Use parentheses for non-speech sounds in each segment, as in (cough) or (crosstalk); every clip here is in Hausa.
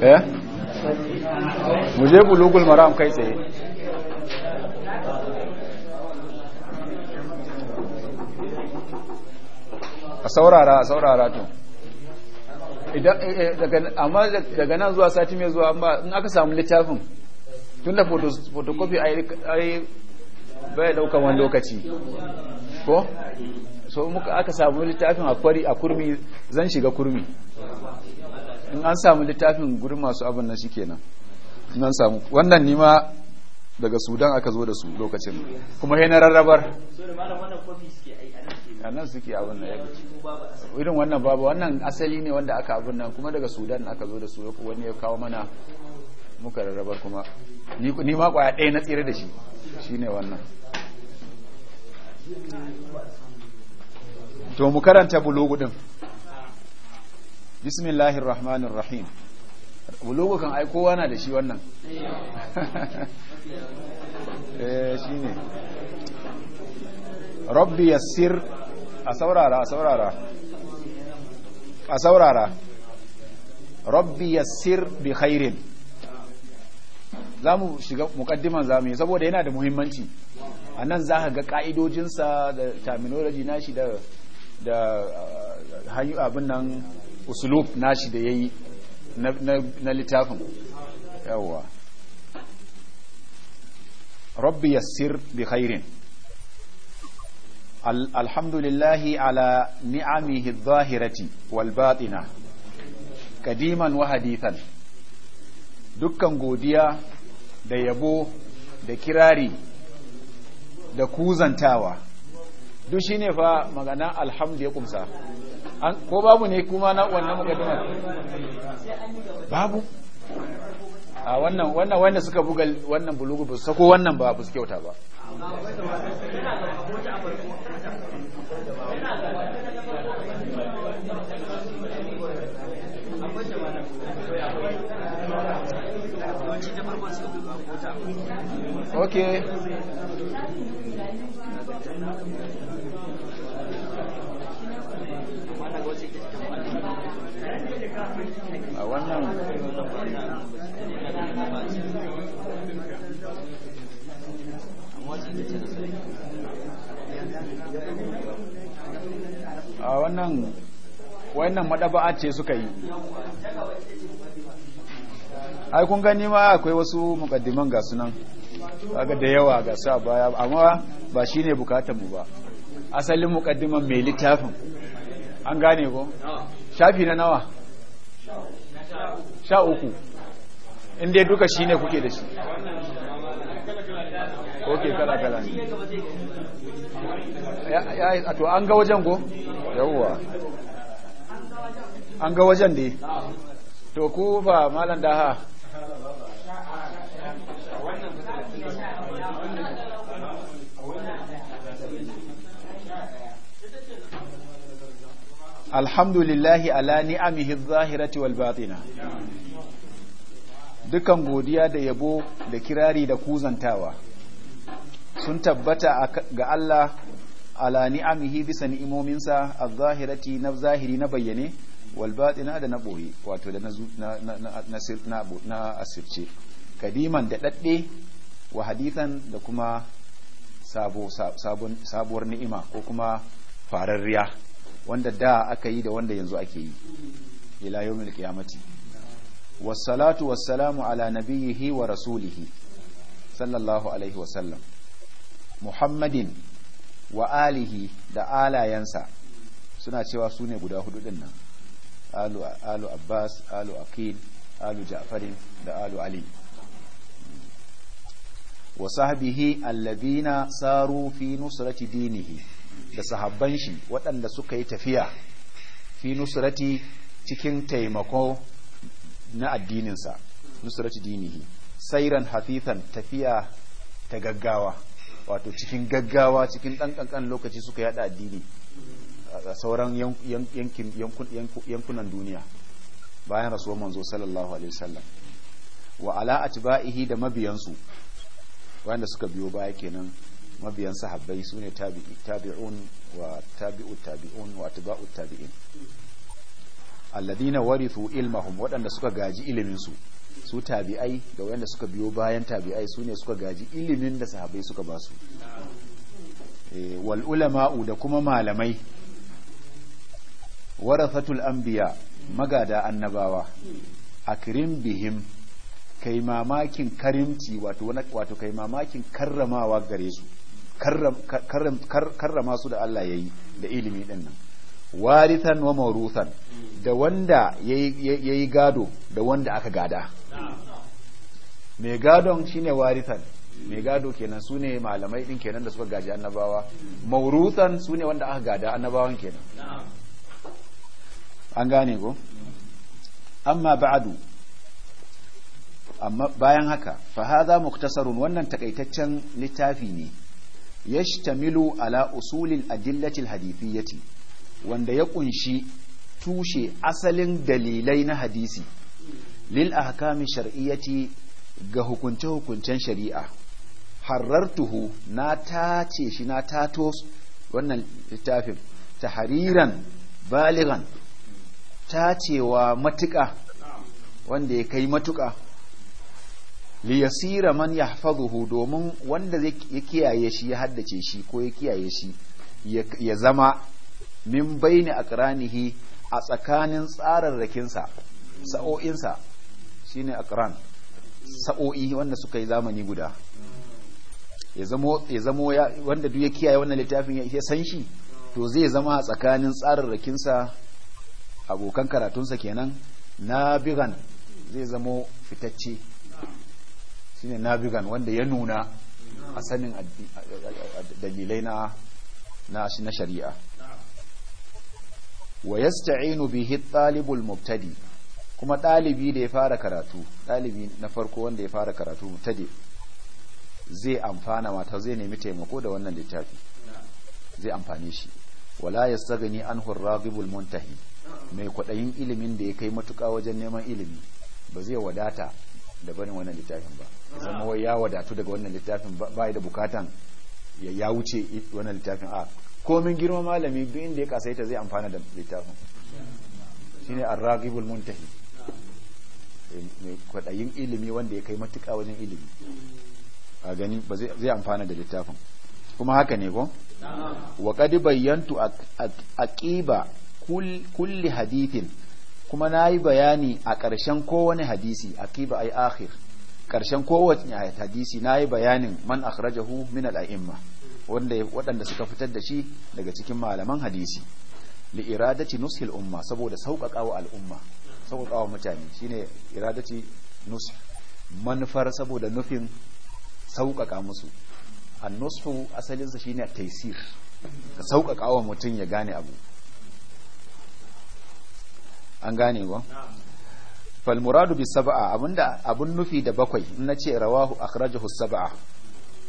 eh mu je bulugul maram kai tsaye a saurara a saurara to eh, eh, amma daga nan zuwa sati mai zuwa in aka samu littafin tun da photocopy a yi bai daukan wani lokaci ko so muka aka samu littafin a kwari a kurmi zan shiga kurmi in an samu littafin gurin masu abin nan shi kenan in an samu wannan nima daga sudan aka zo da su lokacin kuma he na rarrabar a nan suke abin nan irin wannan babu wannan asali ne wanda aka abin nan kuma daga sudan aka zo da su wani ya kawo mana muka rarrabar kuma ni ma kwaya ɗaya na tsira da shi ne wannan to mu karanta bulugu din bismillahir rahmanir rahim bulugu kan ai kowa na da shi wannan (laughs) eh ne rabbi yassir a saurara a saurara a saurara rabbi yassir bi khairin za mu shiga mukaddiman zamani saboda yana da muhimmanci a nan za ka ga ka'idojinsa da terminology nashi da da uh, hanyu abin nan usulub nashi da ya yi na littafin yawwa rabbi yassir bi khairin alhamdulillahi ala ni'amihi zahirati wal batina kadiman wa hadithan dukkan godiya da yabo da kirari da kuzantawa duk shi ne fa magana alhamdu ya kumsa ko babu ne kuma na wannan mukaddimar babu a wannan wannan wanda suka buga wannan bulugu ba su sako wannan ba ba su kyauta ba okay a wannan a wannan wannan madaba'a ce suka yi ai kun gani ma akwai wasu mukaddiman ga sunan kaga da yawa ga sa baya amma ba shine bukatar mu ba asalin mukaddiman mai littafin an gane ko shafi na nawa sha uku inda duka shine kuke da shi oke kala kala ya to an ga wajen go yawwa an ga wajen ne to kufa fa malam alhamdulillahi ala ni'amihi zahirati wal batina dukan godiya da yabo da kirari da kuzantawa sun tabbata ga Allah ala ni'amihi bisa ni'imominsa a zahirati na zahiri na bayyane wal da na boye wato da na asirce kadiman da dadde wa hadithan da kuma sabuwar ni'ima ko kuma fararriya wanda da aka yi da wanda yanzu ake yi ila mil kiyamati wassalatu wassalamu ala nabiyhi wa rasulihi sallallahu alaihi wa sallam muhammadin wa alihi da alayansa suna cewa su ne guda hudu din nan alu abbas alu aqil alu ja'farin da alu ali wa sahbihi allazina saru fi nusrati dinihi da sahabban shi waɗanda suka yi tafiya fi nusrati cikin taimako na addininsa nusrati dinihi sairan hafifan tafiya ta gaggawa wato cikin gaggawa cikin ɗan ƙanƙan lokaci suka yada addini a sauran yankunan duniya bayan rasuwar manzo sallallahu alaihi wasallam wa ala atba'ihi da mabiyansu wanda suka biyo baya kenan mabiyan sahabbai su ne tabi'un wa tabi'u tabi'un wa tabi'u tabi'in alladina warithu ilmahum waɗanda suka gaji ilimin su su tabi'ai da wayanda suka biyo bayan tabi'ai su ne suka gaji ilimin da sahabbai suka ba su eh, wal ulama'u da kuma malamai warathatul anbiya magada annabawa akrim bihim kai mamakin karimci wato kai mamakin karramawa gare su karrama su da Allah ya yi da ilimi din nan warithan wa mawruthan da wanda ya yi gado da wanda aka gada mai gadon shine warithan mai gado kenan su ne malamai din kenan da suka gaji annabawa mawruthan su ne wanda aka gada annabawan kenan an gane ko amma ba'adu amma bayan haka fa muktasarun wannan takaitaccen littafi ne yashtamilu ala usulil hadisi alhadithiyati wanda ya kunshi tushe asalin dalilai na hadisi lil ahkamin shar'iyyati ga hukunce hukuncen shari'a harartuhu na tace shi na tato wannan littafin tahariran baligan tacewa matuƙa wanda ya kai matuƙa liyasira man yahfazuhu domin wanda ya kiyaye shi ya haddace shi ko ya kiyaye shi ya zama min baini aqranihi a tsakanin tsararrakinsa sa'o'insa shine aqran sa'o'i wanda suka yi zamani guda ya zamo ya zamo wanda duk ya kiyaye wannan littafin ya san shi to zai zama a tsakanin tsararrakinsa abokan karatunsa kenan nabigan zai zamo fitacce shine nabigan wanda ya nuna a sanin dalilai na na shari'a wa yasta'inu bihi talibul mubtadi kuma dalibi da ya fara karatu dalibi na farko wanda ya fara karatu mubtadi zai amfana mata zai nemi taimako da wannan littafi zai amfane shi wala yastaghni anhu ar ragibul muntahi mai kwaɗayin ilimin da ya kai matuka wajen neman ilimi ba zai wadata da barin wannan littafin ba zama wai ya wadatu daga wannan littafin ba da bukatan ya wuce wannan littafin a komin girma malami duk inda ya kasaita zai amfana da littafin shine ar muntahi eh, mai kwadayin ilimi wanda ya kai matuka wajen ilimi a gani ba zai amfana da littafin kuma haka ne ko wa qad bayyantu aqiba kulli hadithin kuma na yi bayani a ƙarshen kowane hadisi a kiba ai akhir ƙarshen kowane hadisi na yi bayanin man akhrajahu min al'a'imma waɗanda suka fitar da shi daga cikin malaman hadisi li iradaci nushil umma saboda sauƙaƙawa al'umma sauƙaƙawa mutane shine iradaci nus manufar saboda nufin sauƙaƙa musu annushu asalinsa shine taisir ka sauƙaƙawa mutum ya gane abu an gane ba fal muradu bi sab'a abinda abun nufi da bakwai in nace rawahu akhrajahu sab'a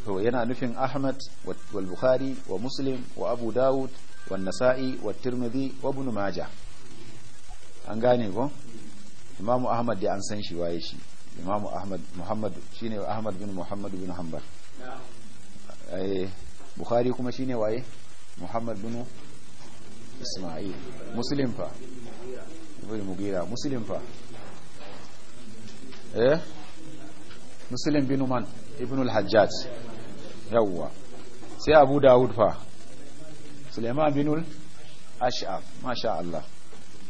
to yana nufin ahmad wal bukhari wa muslim wa abu daud wa nasa'i wa tirmidhi wa ibn majah an gane ba imamu ahmad da an san shi waye shi imamu ahmad muhammad shine ahmad bin muhammad bin hanbal ai eh, bukhari kuma shine waye muhammad bin isma'il muslim fa bin mugira muslim fa eh muslim bin man ibn al-hajjaj yawwa sai abu dawud fa suleiman bin al-ash'ab masha Allah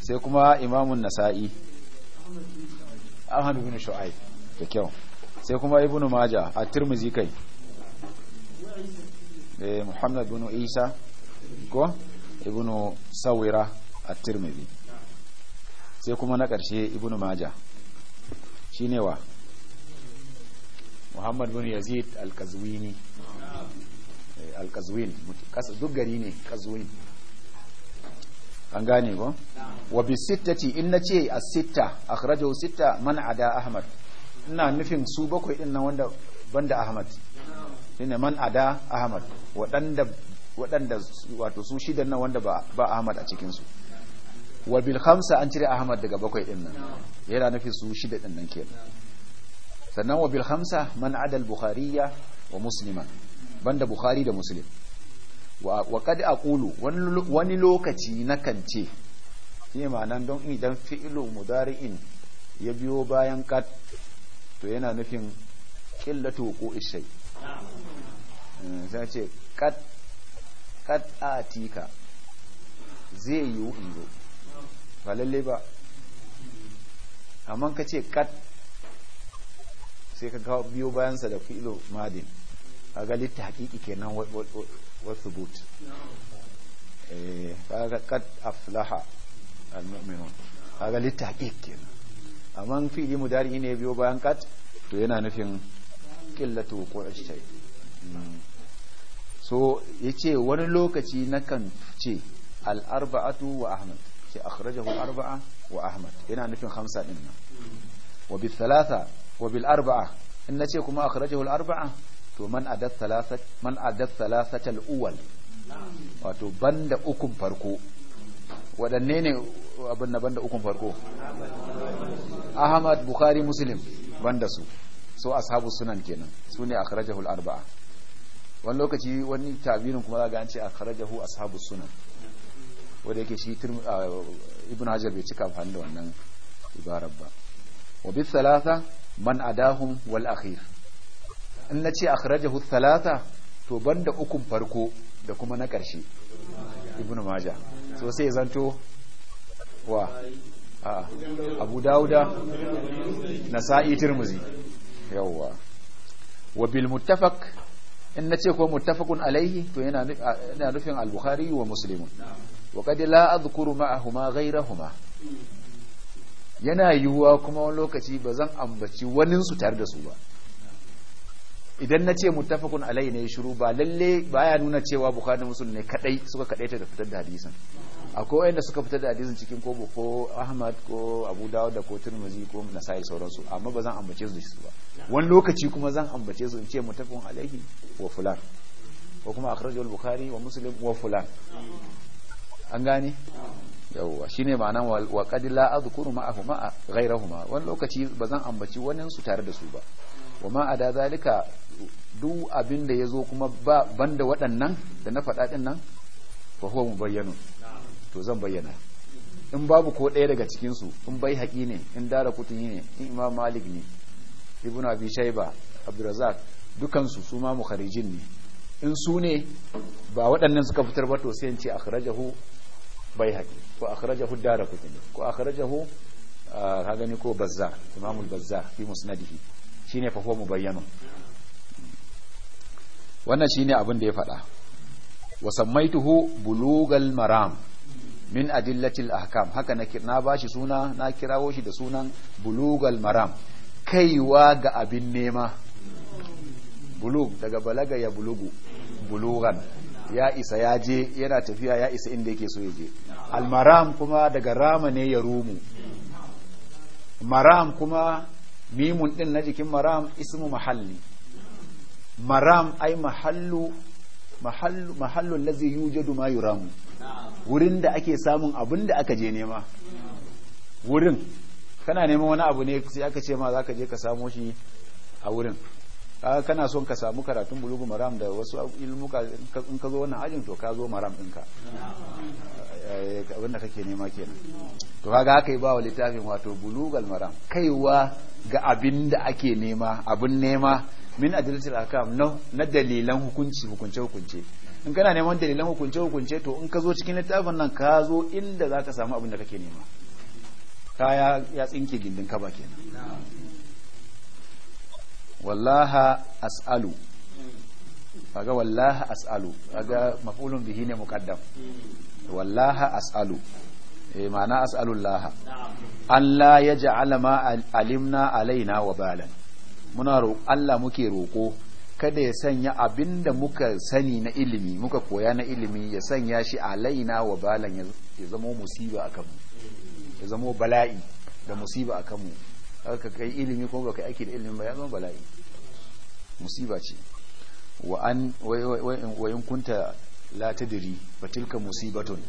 sai kuma imamun nasa'i ahmad bin shu'aib da kyau sai kuma ibn majah at-tirmidhi kai eh muhammad bin isa ko ibn sawira at-tirmidhi sai kuma na ƙarshe ibn maja shi ne wa muhammad bin yazid al-kazwini eh, al-kazwin duk gari ne Kazwini. an gane ko wa bi sittati in na ce a sitta rajau sitta man ada ahmad ina nufin su bakwai din nan wanda banda ahmad ne man ada ahmad waɗanda wato su shidan nan wanda ba ahmad a cikinsu. wa bil an cire ahmad daga bakwai din nan yana nufi su shida din nan kenan sannan wa bil man adal bukhariya wa muslima banda bukhari da muslim wa kad aqulu wani lokaci na ce shi nan don idan fi'lu mudari'in ya biyo bayan kat to yana nufin qillatu ko shay eh, sai ce kat kad atika zai yi in zo ba lalle ba amma ka ce kat sai ka kawo biyo bayansa da filo madin a ga litta hakiki kenan wasu but eh, ga kat aflaha al-mu'minun a litta hakiki kenan amma fili mudari ne biyo bayan kat to yana nufin killatu wuqu'i shay hmm. so yace wani lokaci nakan ce al-arba'atu wa ahmad sai akhrajahu arba'a wa ahmad yana nufin hamsa din nan wa bil thalatha wa bil arba'a in nace kuma akhrajahu al arba'a to man adat thalathat man adat thalathat al awwal wato banda ukun farko wadanne ne abin na banda ukun farko ahmad bukhari muslim banda su so ashabu sunan kenan su ne akhrajahu al arba'a wani lokaci wani tabirin kuma za ga an ce akhrajahu ashabu sunan wanda yake shi ibn hajar bai cika amfani da wannan ibarar ba wa bi thalatha man adahum wal akhir in nace akhrajahu thalatha to banda ukun farko da kuma na ƙarshe ibn majah so sai zanto wa a abu dauda nasa'i tirmizi yawwa wa bil muttafaq in nace ko muttafaqun alaihi to yana nufin al-bukhari wa muslimun wa qad la azkuru ma'ahuma huma yana yiwuwa kuma wani lokaci ba zan ambaci wanin su tare da su ba idan na ce mutafakun alayhi ne shiru ba lalle baya nuna cewa bukhari musulun ne kadai suka kadaita da fitar da hadisin akwai wanda suka fitar da hadisin cikin ko ko ahmad ko abu dawud da ko tirmidhi ko nasai sauransu amma ba zan ambace su su ba wani lokaci kuma zan ambace su in ce mutafakun alayhi wa fulan ko kuma akhrajahu bukhari wa muslim wa fulan an gane yawwa shine ma'anan wa qad la azkuru ma'ahuma ghayrahuma wani lokaci bazan ambaci wani su tare da su ba wa ma ada zalika duk abin da zo kuma ba banda waɗannan da na faɗa din nan fa huwa mubayyanu to zan bayyana in babu ko ɗaya daga cikin su in bai haƙi ne in dara kutuni ne in imam malik ne ibn abi shayba abdurrazzaq dukan su su ma mukharijin ne in su ne ba waɗannan suka fitar ba to sai in ce akhrajahu bai haƙi ko akhrajahu darakutni ko akhrajahu ha ah, gani ko bazza imamul bazza fi musnadihi shine fa huwa bayyana. wannan shine abin da ya faɗa wa sammaituhu bulugal maram min adillatil ahkam haka na na bashi suna na kirawo shi da sunan bulugal maram kaiwa ga abin nema bulug daga balaga ya bulugu bulugan ya isa ya je yana tafiya ya isa inda yake so ya je almaram kuma daga rama ne ya rumu maram kuma mimun din na jikin maram ismu mahalli maram ai mahallu mahallu mahallu lazi yujadu ma yuramu wurin da ake samun abin da aka je nema wurin kana neman wani abu ne sai aka ce ma zaka je ka samo shi a wurin kana son ka samu karatun bulugu maram da wasu ilmuka in ka zo wannan ajin to ka zo maram ɗinka eh, eh, abinda kake nema kenan to kaga haka yi bawa littafin wato bulugal maram kaiwa ga abin da ake nema abin nema min adalatul akam na dalilan hukunci hukunce hukunce in kana neman dalilan hukunce hukunce to in ka zo cikin littafin nan ka zo inda zaka samu abin da kake nema kaya ya tsinke gindin kaba kenan wallaha as'alu kaga wallaha as'alu kaga maf'ulun bihi ne muqaddam wallaha as'alu eh ma'ana as'alu Allah an la yaj'al ma alimna alaina wa balan muna roƙo Allah muke roƙo kada ya sanya abinda muka sani na ilimi muka koya na ilimi ya sanya shi alaina wa balan ya zama musiba akan mu ya zama bala'i da musiba akan mu aka kai ilimi kuma baka aiki da ilimin ba ya zama bala'i musiba ce wa an wa in kunta la tadri fa tilka musibatun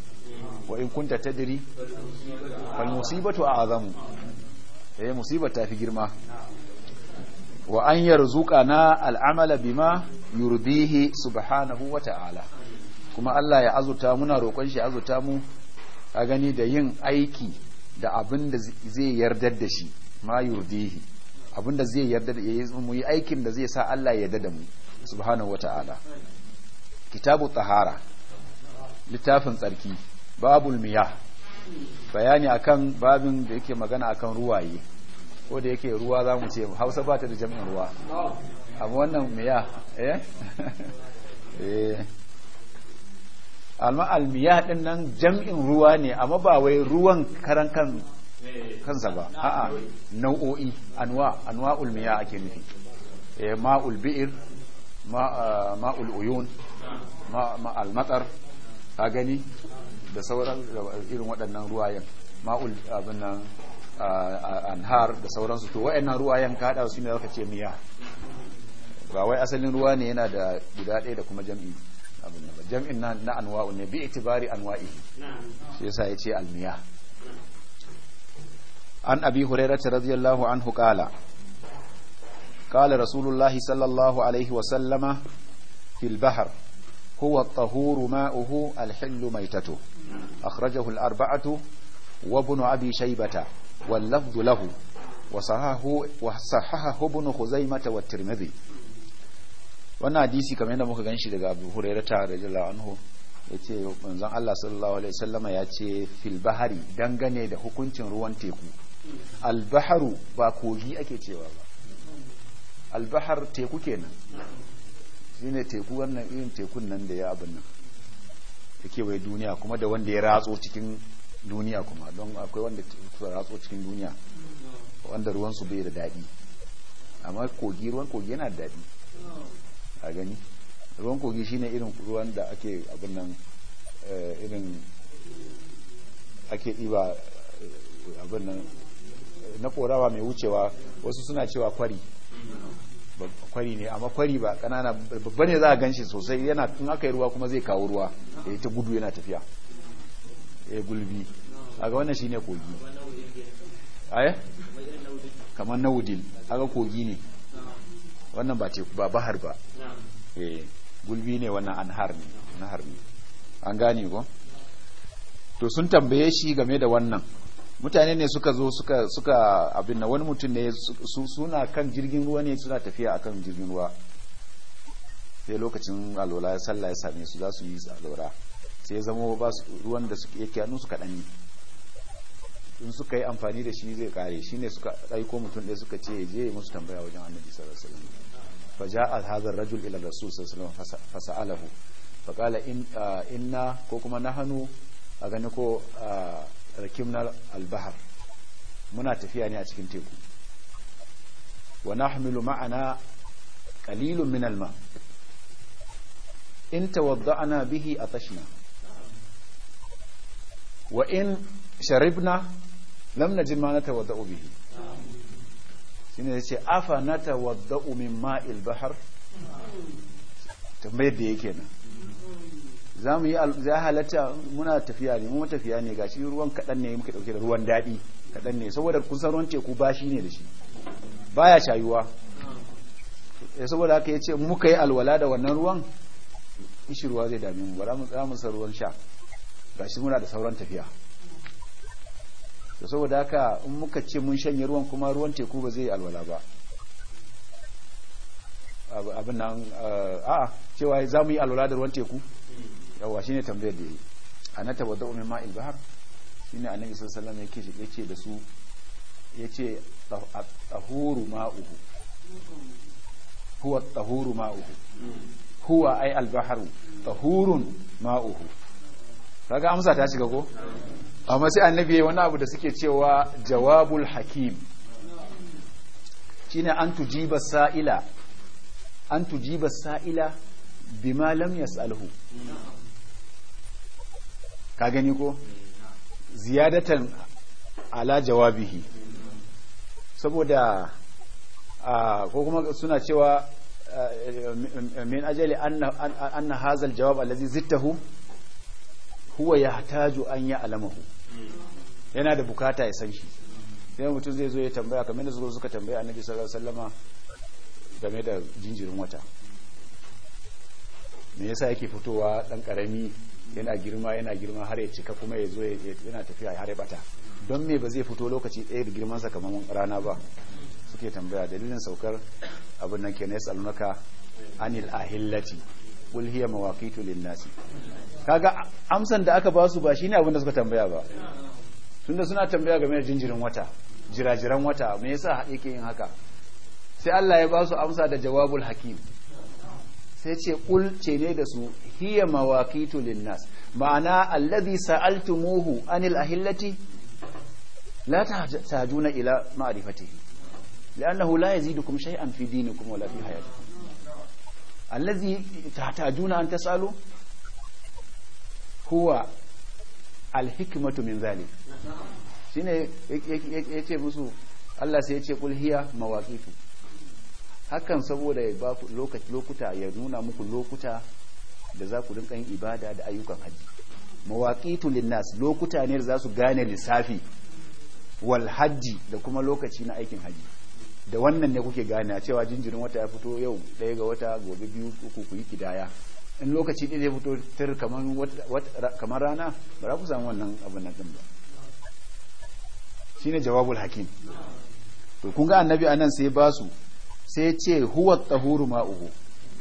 wa in kunta tadri fal musibatu a'zamu eh musibar ta fi girma wa an yarzuqana al'amala bima yurdihi subhanahu wa ta'ala kuma Allah ya azuta muna roƙon shi azuta mu a gani da yin aiki da abin da zai yardar da shi ma yurdihi abinda zai yarda da yayi mu yi aikin da zai sa Allah ya yarda da mu subhanahu wataala kitabu tahara littafin tsarki babul miyah bayani akan babin da yake magana akan ruwaye ko da yake ruwa za mu ce hausa ba ta da jami'in ruwa abu wannan miya eh (laughs) eh. almiya ɗin nan jami'in ruwa ne amma ba wai ruwan karan kan kansa ba a'a nau'o'i anwa anwa miya ake nufi eh ulbi'ir bi'ir ma ah, ul'uyun ma al matar gani da sauran irin waɗannan ruwayen ma'ul abin ah, ah, anhar da sauransu to waɗannan ruwayen ka su ne zaka ce miya ba wai asalin ruwa ne yana da guda ɗaya da kuma jam'i abin jam'in na anwa'u ne bi itibari anwa'i shi yasa ya ce almiya an abi هريرة radiyallahu الله عنه قال قال sallallahu alaihi wa sallama عليه وسلم في البحر هو الطهور al الحل ميتته أخرجه الأربعة arbaatu أبي شيبة واللفظ له wal lafdhu lahu wa والترمذي وانا ديسي ibn khuzaimah wa لغا أبي hadisi kamar الله muka ganshi daga yace manzon Allah sallallahu alaihi wasallama yace fil bahari dangane da hukuncin ruwan teku albaharu ba kogi ake cewa ba albahar teku kenan shine teku wannan irin tekun nan da ya abin nan da kewaye duniya kuma da wanda ya ratso cikin duniya kuma don akwai wanda ya ratso cikin duniya wanda ruwansu bai da daɗi amma kogi ruwan kogi yana da daɗi a gani ruwan kogi shine irin ruwan da ake abin nan eh, irin ake ɗiba eh, abin nan na korawa mai wucewa wasu suna cewa kwari kwari ne amma kwari ba kanana babba ne za a ganshi sosai yana tun aka yi ruwa kuma zai kawo ruwa da ita gudu yana tafiya ya gulbi a ga wannan ne kogi aya eh? kamar naudil aga kogi ne wannan ba teku ba bahar ba eh gulbi ne wannan anhar ne ne an gane ko to sun tambaye shi game da wannan mutane ne suka zo suka suka abin na wani mutum ne su, suna kan jirgin ruwa ne suna tafiya akan jirgin ruwa sai lokacin alola ya sallah ya same su za su yi alora sai ya zama ba ruwan da suke yake hannu su kaɗan in suka yi amfani da shi zai kare shi ne suka aiko mutum ɗaya suka ce je musu tambaya wajen annabi sallallahu alaihi wasallam fa ja'a hadha ar-rajul ila rasul sallallahu alaihi wasallam fasa'alahu fa qala in ah, ko kuma nahanu a gani ko ah, rakibna albahar muna tafiya ne a cikin teku wa nahmilu ma'ana qalilun min alma in ana bihi tashina wa in sharibna lam najid ma natawadda'u bihi shine yace afa natawadda'u min ma'il bahar tambayar da yake nan za mu yi za halatta muna tafiya ne mu tafiya ne gashi ruwan kaɗan ne muka ɗauke da ruwan daɗi kaɗan ne saboda kun san ruwan teku ba shi ne da shi baya shayuwa eh, saboda haka ya ce muka yi alwala da wannan ruwan ishi ruwa zai dami mu ba za mu san ruwan sha ga shi muna da sauran tafiya saboda haka in muka ce mun shanye ruwan kuma ruwan teku ba zai yi alwala ba abin nan eh, a'a cewa za mu yi alwala da ruwan teku yawa shine tambayar da yayi ana tawadda min ma'il bahar shine annabi sallallahu alaihi wasallam ya ce da su ya yace tahuru ma'uhu huwa tahuru ma'uhu huwa ai albaharu bahru tahurun ma'uhu kaga amsa ta shiga ko amma sai annabi yayi wani abu da suke cewa jawabul hakim shine an tujiba sa'ila an tujiba sa'ila bima lam yas'alhu ka gani ko ziyadatan ala jawabihi saboda ko kuma suna cewa min ajali anna hazal jawab allazi zittahu huwa yahtaju an ya'lamahu yana da bukata ya san shi sai mutum zai zo ya tambaya kamar da suka tambaya annabi sallallahu alaihi wasallama game da jinjirin wata me yasa yake fitowa dan karami yana girma yana girma har ya cika kuma ya zo yana tafiya har ya bata don me ba zai fito lokaci ɗaya da girmansa kamar rana ba suke tambaya dalilin saukar abin nan kenan yasalunaka anil ahillati qul hiya mawaqitu lin-nasi kaga amsan da aka ba su ba shine abin da suka tambaya ba tunda suna tambaya game da jinjirin wata jirajiran wata me yasa yake yin haka sai Allah ya ba su amsa da jawabul hakim sai ce kul ce ne da su hiya mawaqitu linnas ma'ana allazi sa'altumuhu anil ahillati la tahajuna ila ma'rifatihi li'annahu la yazidukum shay'an fi dinikum wala fi hayatikum allazi tahajuna an tasalu huwa alhikmatu min zalik shine yake musu Allah sai ya ce kul hiya hakan saboda ya ba lokuta ya nuna muku lokuta da za ku rinka yin ibada da ayyukan haji mawaqitu linnas lokuta ne da za su gane lissafi wal da kuma lokaci na aikin hajji da wannan ne kuke gane a cewa jinjirin wata ya fito yau ɗaya ga wata gobe biyu uku ku yi kidaya in lokaci ɗaya zai fito tar kamar rana ba za ku samu wannan abin na ɗin ba shine jawabul hakim to kun ga annabi anan sai ba su sai ce huwa tahuru ma'uhu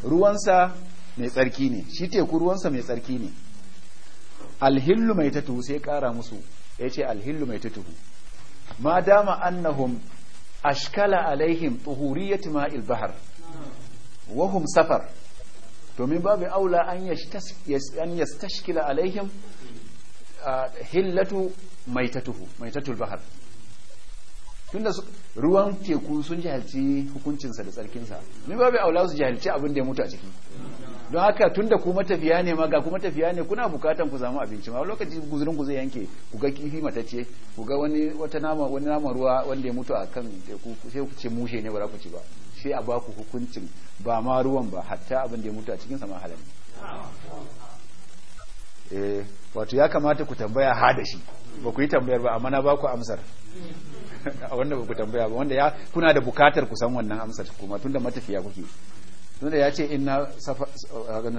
ruwansa mai tsarki ne shi teku ruwansa mai tsarki ne alhillu mai tatuhu sai kara musu ya ce alhillu mai tatuhu ma dama annahum ashkala alaihim tuhuriyatu ma'il bahar wahum safar domin babu aula an yastashkila alaihim ah, hillatu maitatuhu maitatul bahar tunda ruwan teku sun jahilci hukuncinsa da tsarkinsa ni ba bai aula su jahilci abin da ya mutu a ciki don haka tunda ku matafiya ne ma ga ku matafiya ne kuna bukatan ku samu abinci ma lokaci guzurin ku zai yanke ku ga kifi matacce ku ga wani wata nama wani nama ruwa wanda ya mutu a kan teku sai ku ce mushe ne ba za ku ci ba sai a baku hukuncin ba ma ruwan ba hatta abin da ya mutu a cikin sama halal eh wato ya kamata ku tambaya ha da shi ba ku yi tambayar ba amma na baku amsar (laughs) wanda ba ku tambaya ba wanda ya kuna da bukatar ku san wannan amsar kuma tunda matafiya kuke tunda ya ce ina safar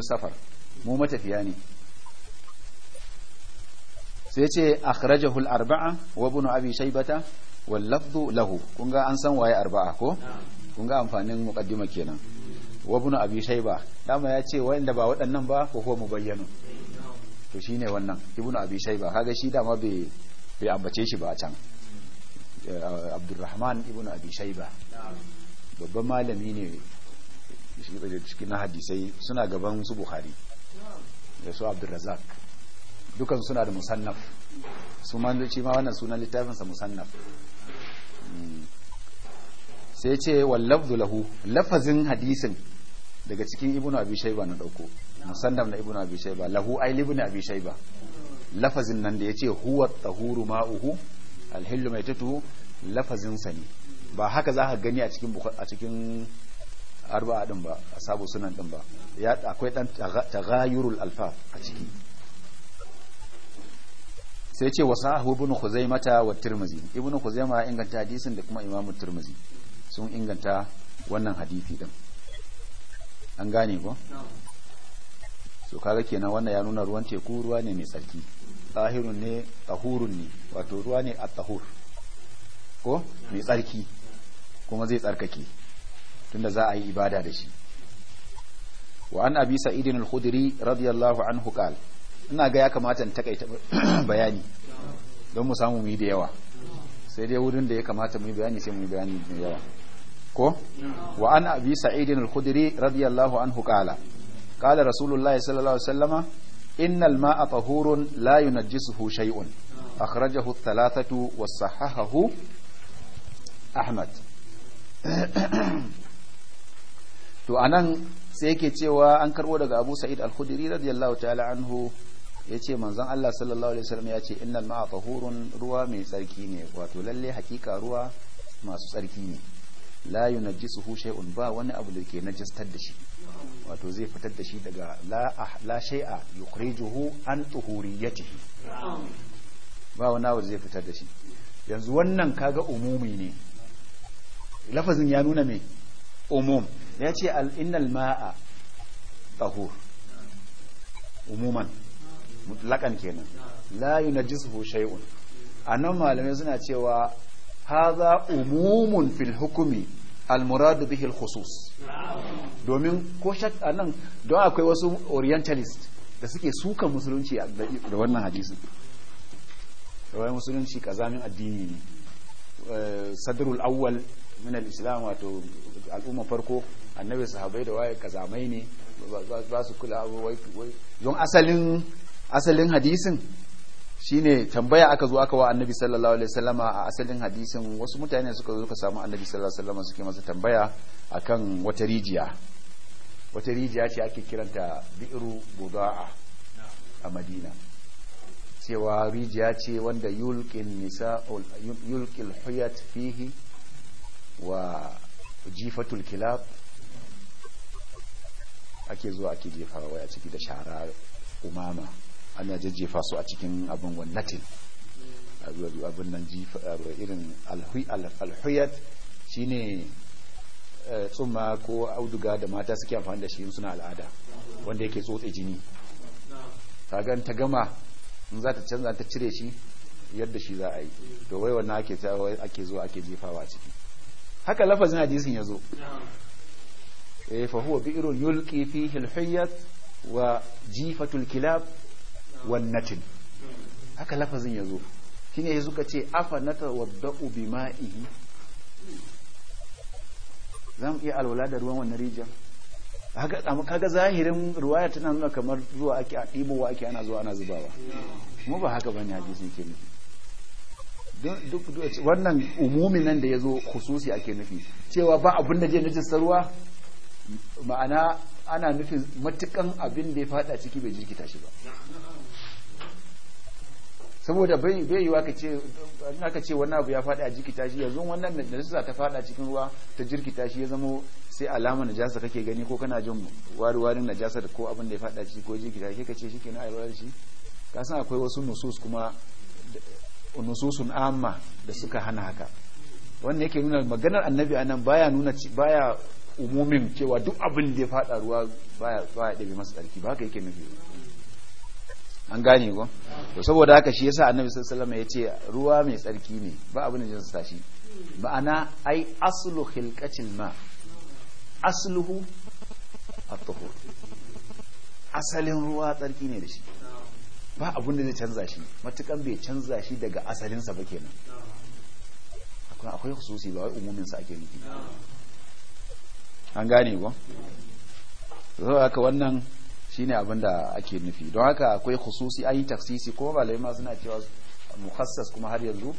safar mu matafiya ne sai ce akhrajahul arba'a wa ibn abi shaybata wal lahu kun ga an san waye arba'a ko kun ga amfanin muqaddima kenan wa ibn abi shayba dama ya ce wanda ba waɗannan ba ko ko bayyana to shine wannan ibn abi shayba kaga shi dama bai bai ambace shi ba a can Eh, Abdulrahman ibn abi babban malami ne cikin hadisai suna gaban su bukhari da su abdurrazak dukan suna da musannaf su manzuci ma wannan sunan littafinsa musannaf hmm. sai ce wallafzu lahu lafazin hadisin daga cikin Ibn abi shayba na dauko musannaf na ibn abi shayba lahu ay ibnu abi shayba lafazin nan da yace huwa tahuru ma'uhu alhillu mai tutu lafazinsa ne ba haka za ka gani a cikin a arba'a din ba asabu sunan din ba ya akwai dan tagayurul alfa a ciki sai ce wasu ahu ibn mata wa tirmizi ibn huzaima ya inganta hadisin da kuma imamu turmazi sun inganta wannan hadithi din an gane ko so kaga kenan wannan ya nuna ruwan teku ruwa ne mai tsarki tsahirun ne tahurun ne wato ruwa ne a tsahur ko mai tsarki kuma zai tsarkake tunda za a yi ibada da shi wa an abi sa'idin al-khudri radiyallahu anhu qal ina ga ya kamata in takaita (coughs) bayani don mu samu mu yi da yawa sai dai wurin da ya kamata mu yi bayani sai mu yi bayani da yawa ko wa an abi sa'idin al-khudri radiyallahu anhu qala qala rasulullahi sallallahu alaihi wasallama innal الماء طهور لا ينجسه شيء أخرجه الثلاثة wa أحمد ahmad (clears throat) to anan sai yake cewa an karɓo daga Abu Sa'id al anhu yace manzon Allah sallallahu alaihi wasallam yace innal ma'a tahurun ruwa mai tsarki ne wato lalle hakika ruwa masu tsarki ne la yunajjisuhu shay'un ba wani abu da ke najistar da shi wato zai fitar da shi daga ah, la shay'a yukhrijuhu an tuhuriyatihi ba wani abu zai fitar da shi yanzu wannan kaga umumi ne lafazin ya nuna me umum ya ce al'inal ma'a tahur umuman mutlakan kenan la yunajjisuhu shay'un nan malamai suna cewa haza umumun fil hukumi almuradu bihil khusus domin ko shak a nan don akwai wasu orientalist da suke suka musulunci da wannan hadisin rawar musulunci kazamin addini ne eh, sadrul awwal min al-islam wato al'umma farko annabi sahabbai da waye kazamai ne ba su kula wai don asalin asalin hadisin shine tambaya aka zo aka wa annabi sallallahu alaihi wasallama a asalin hadisin wasu mutane suka zo suka samu annabi sallallahu alaihi wasallama suke masa tambaya akan wata rijiya wata rijiya ce ake kiranta bi'ru buda'a a madina cewa rijiya ce wanda yulqil nisa yulqil huyat fihi wa jifatul kilab ake zuwa ake jefa ya ciki da shara umama ana jajjefa su a cikin abin wannatin abin nan irin alhuyat shine eh, tsumma ko auduga da mata suke amfani da shi suna al'ada wanda yake tsotse jini tagan ta gama in za ta canza ta cire shi yadda shi za a yi to wai wannan ake ake zuwa ake jefawa ciki haka lafazin hadisin ya zo eh fa huwa irin yulki fi hilhiyat wa jifatul kilab wannatin haka lafazin ya zo shi ne suka ce afa na wadda bi ma'ihi za mu iya alwala da ruwan wannan rijiyar kaga zahirin ruwaya tana nuna kamar zuwa ake a ɗibowa ake ana zuwa ana zubawa kuma ba haka bane hadisi ke nufi duk wannan umumi nan da ya zo khususi ake nufi cewa ba abin da je nufin sarwa ma'ana ana nufin matukan abin da ya fada ciki bai jirkita shi ba saboda bai yiwa ka ce wani abu ya faɗi a jirki tashi yanzu wannan najasa ta fada cikin ruwa ta jirki tashi ya zamo sai alama najasa kake gani ko kana jin wari-warin najasar ko abin da ya fada ciki ko tashi shi ce shi ke na a shi ka san akwai wasu nusus kuma nususun amma da suka hana haka wannan yake nuna maganar annabi anan baya nuna baya umumin cewa duk abin da ya fada ruwa baya baya ɗabe masa tsarki ba haka yake nufi an gane ko to saboda haka shi yasa annabi sallallahu alaihi wasallam yace ruwa mai tsarki ne ba abin da jin sa shi ma'ana ai aslu khilqatil ma asluhu at-tuhur asalin ruwa tsarki ne da shi ba abin da zai canza shi matukan bai canza shi daga asalinsa ba kenan akwai hususi ba wai sa ake nufi an gane ko to haka wannan shine abin da ake nufi don haka akwai khususi ayi taksisi ko ba laima suna cewa mukhassas kuma har yanzu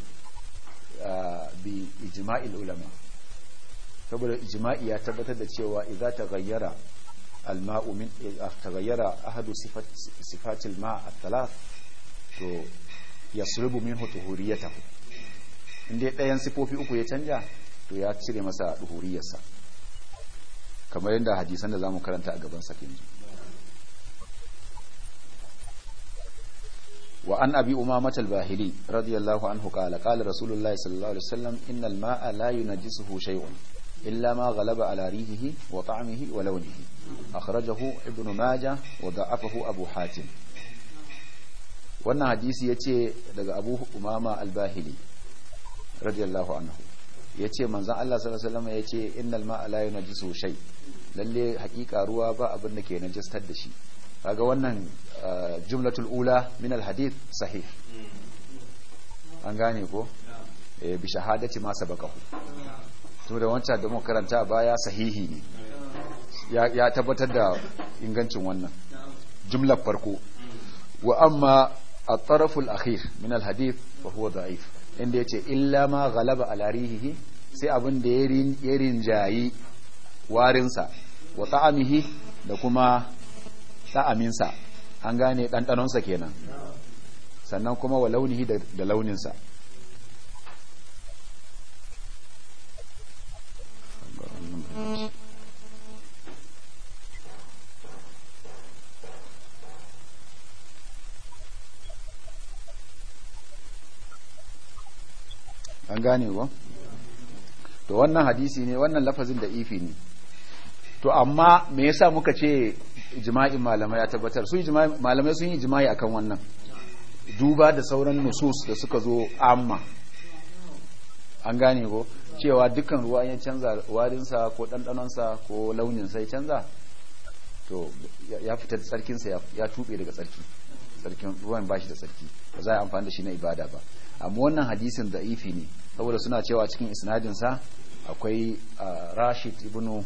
ah, bi ijma'il ulama saboda ijma'i ya tabbatar da cewa idza taghayyara alma'u min eh, ah, taghayyara ahadu sifat sifatil ma' al to yasrubu minhu tuhuriyatahu inda ɗayan sifofi uku ya canja to ya cire masa duhuriyarsa kamar yadda hadisan da zamu karanta a gaban sakin. وعن أبي أمامة الباهلي رضي الله عنه قال قال رسول الله صلى الله عليه وسلم إن الماء لا ينجسه شيء إلا ما غلب على ريحه وطعمه ولونه أخرجه ابن ماجة وضعفه أبو حاتم wannan hadisi ya ce daga abu umama albahili radiyallahu anhu ya ce manzan Allah sallallahu ya ce innal ma'a la yunajjisu shay lalle hakika ruwa ba abin da ke najistar da shi kaga wannan eh, jumlatul ula min alhadith sahih an gane ko eh, bi shahadati ma sabaqahu to da wancan da muka karanta baya sahihi ne ya tabbatar da ingancin wannan jumlar farko wa amma akhir min alhadith الحديث huwa da'if inda yace illa ma galaba ala rihihi sai abin da ya rinjayi warinsa wa ta'amihi da kuma sa'aminsa an gane ɗanɗanonsa kenan sannan kuma wa launihi da launinsa an gane ba to wannan hadisi ne wannan lafazin da ifi ne to amma me yasa muka ce jima'in malamai ya tabbatar su malamai sun yi jima'i akan wannan duba da sauran nusus da suka zo amma an gane ko cewa dukkan ruwa ya canza warinsa ko ɗanɗanonsa ko launinsa ya canza to ya fita da tsarkinsa ya tuɓe daga tsarki tsarkin ruwan bashi da tsarki ba za a amfani da shi na ibada ba amma wannan hadisin da ifi ne saboda suna cewa cikin isnadinsa akwai ah, rashid ibnu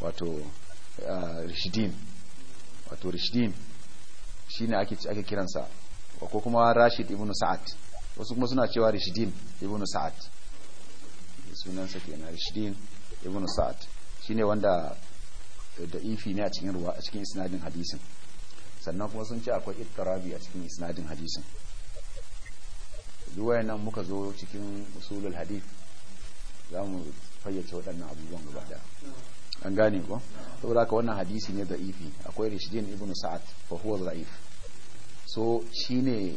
wato ah, rishidin wato rishidin shi ne ake kiransa ko kuma rashid ibn sa'ad wasu kuma suna cewa rishidin ibn sa'ad sunansa kenan rishidin ibn sa'ad shi ne wanda da ifi ne a cikin ruwa a cikin isnadin hadisin sannan kuma sun ce akwai ittarabi a cikin isnadin hadisin duk nan muka zo cikin usulul hadith za mu fayyace waɗannan abubuwan gaba daya an gane ko saboda haka wannan hadisi ne da'ifi akwai rishdin ibn sa'ad fa huwa da'if so shine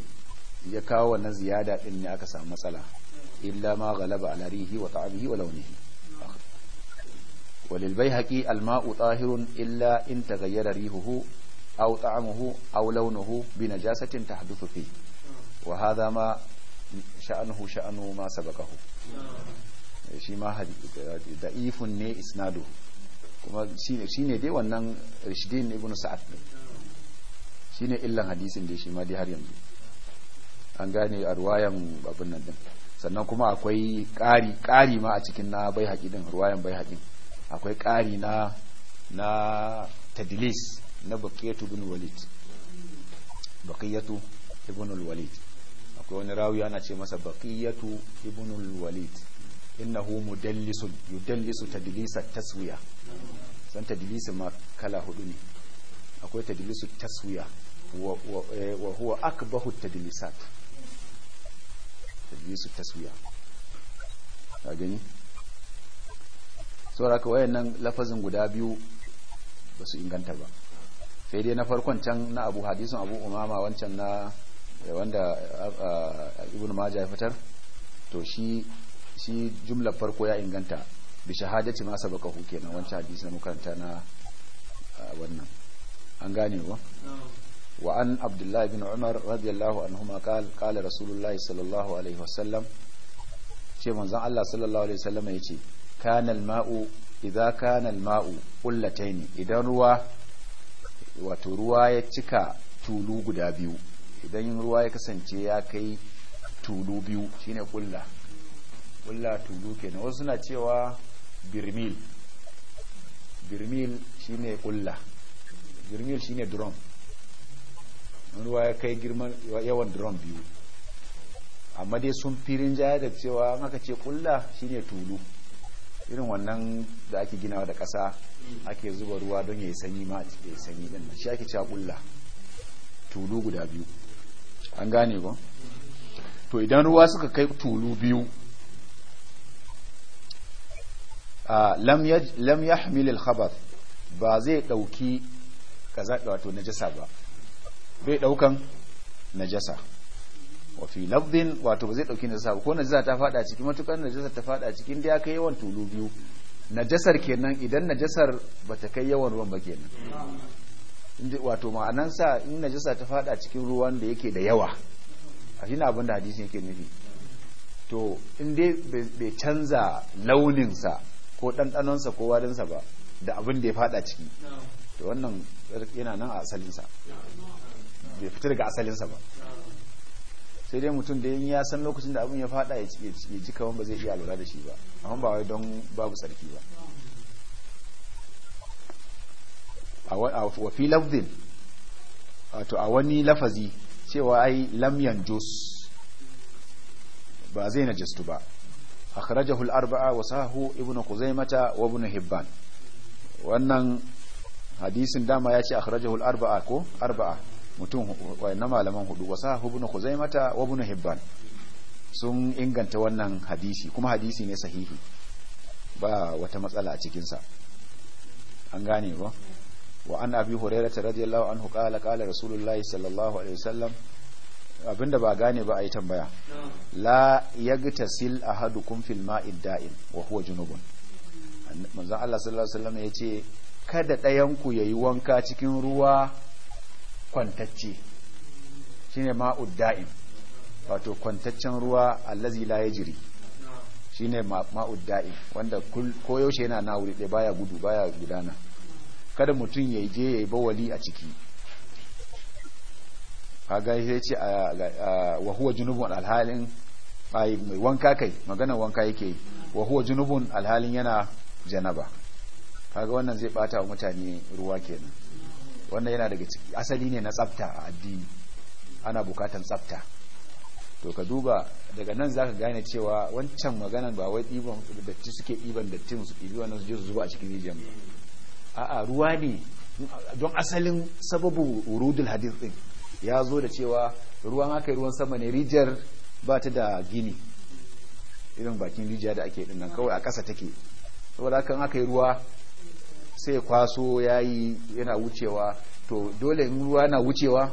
ya kawo wannan ziyada din ne aka samu matsala illa ma ghalaba ala rihi wa ta'abihi wa launihi walil bayhaqi alma'u tahirun illa in taghayyara rihuhu aw ta'amuhu aw launuhu bi najasatin tahduthu fi wa hadha ma sha'anuhu sha'anu ma sabaqahu eh, shi ma da'ifun ne isnaduhu kuma shi ne dai wannan rishidin ibn sa'ad shi ne illan hadisin da shi ma dai har yanzu an gane a ruwayan abin nan din sannan kuma akwai ƙari ƙari ma a cikin na bai haƙi din ruwayan bai haƙi akwai ƙari na na tadlis na bakiyatu ibn walid bakiyatu ibn walid akwai wani rawi ana ce masa bakiyatu ibn walid innahu mudallisun yudallisu tadlisa taswiya san tadlisin ma kala hudu ne akwai tadlisu taswiya wa, eh, huwa akbahu tadlisat tadlisu taswiya ta gani saboda ka wayannan lafazin guda biyu ba su inganta ba sai dai na farkon can na abu hadisun abu umama wancan na eh, wanda eh, ibn majah ya fitar to shi jumlar farko ya inganta bi shahadati ma sabaqahu kenan wancan hadisi na mukanta na wannan an gane ba wa an abdullahi bin umar radiyallahu anhuma qala qala rasulullahi sallallahu alaihi wasallam ce manzon Allah sallallahu alaihi wasallam yace kana al-ma'u idza kana al-ma'u qullatayn idan ruwa wato ruwa ya cika tulu guda biyu idan ruwa ya kasance ya kai tulu biyu shine kulla kulla tulu kenan wasu na cewa birmil birmil shine kulla birmil shine drum ruwa ya kai girman yawan drum biyu amma dai sun firin jaya da cewa an aka ce kulla shine tulu irin wannan da ake ginawa da ƙasa ake zuba ruwa don ya yi sanyi ma a yi sanyi din shi ake cewa kulla tulu guda biyu an gane ba to idan ruwa suka kai tulu biyu lam ya hamilin khabar ba zai dauki kaza wato najasa ba bai daukan najasa wa fi lafdin wato ba zai dauki najasa ba ko najasa ta fada ciki matukan najasa ta fada cikin da ya kai yawan tulu biyu najasar kenan idan najasar ta kai yawan ruwan ba kenan wato ma'anansa in najasa ta fada cikin ruwan da yake da yawa a shi abin da hadisin yake nufi to in dai bai canza launinsa ko ɗanɗanonsa ko warinsa ba da abin da ya fada ciki to wannan yana nan a asalinsa bai fita daga asalinsa ba sai dai mutum da ya san lokacin da abin ya fada ya ji kawan ba zai iya lura da shi ba amma ba wai don babu tsarki ba a fi lafzin wato a wani lafazi cewa ai lamyan jos ba zai najistu ba akhrajahu al-arba'a wa sahahu ibnu kuzaimata wa ibnu hibban wannan hadisin dama ya ce akhrajahu al-arba'a ko arba'a mutum na malaman hudu wa sahahu ibnu kuzaimata wa ibnu hibban sun inganta wannan hadisi kuma hadisi ne sahihi ba wata matsala a cikin sa an gane ba wa an abi hurairah radiyallahu anhu qala qala rasulullahi sallallahu alaihi wasallam abinda ba gane ba a yi tambaya la a hadu fil ma'id da'im wa huwa junubun manzan Allah sallallahu alaihi wasallam yace kada ɗayanku ya yi wanka cikin ruwa kwantacce Shi ma'ud da'im wato kwantaccen ruwa allazi la jiri. Shi ma'ud da'im wanda koyaushe yana na wuri ɗaya baya gudu baya gudana kada mutum ya je ya yi bawali a ciki kaga sai ce wa huwa junubun alhalin ai mai wanka kai maganan wanka yake yi wa huwa junubun alhalin yana janaba kaga wannan zai bata wa mutane ruwa kenan wannan yana daga ciki asali ne na tsafta a addini ana bukatan tsafta to ka duba daga nan zaka gane cewa wancan maganan ba wai ɗiban datti suke ɗiban dattin su ɗibi wannan su je zuba a cikin rijiyar ba a'a ruwa ne don asalin sababu urudul hadith din ya zo da cewa ruwan haka ruwan sama ne rijiyar ba ta da gini irin bakin rijiya da ake dinnan kawai a ƙasa take saboda hakan aka yi ruwa sai kwaso ya yi yana wucewa to dole in ruwa na wucewa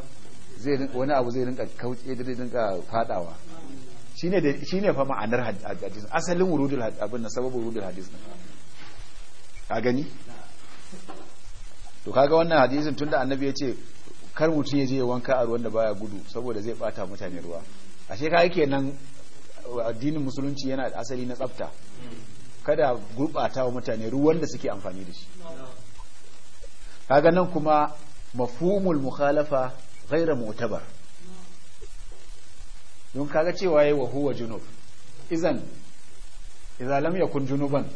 wani abu zai rinka kauce da rinka fadawa shi ne fa ma'anar hadis asalin wurudul abin na sababin wurudul hadisin ka gani to kaga wannan hadisin tunda annabi ya ce kar mutum ya je wanka a ruwan da baya gudu saboda zai bata mutane ruwa ashe ka yake nan addinin musulunci yana da asali na tsafta kada gurbata wa mutane ruwan da suke amfani da shi kaga nan kuma mafhumul mukhalafa ghaira mu'tabar don kaga cewa yayi wa huwa junub izan idza lam yakun junuban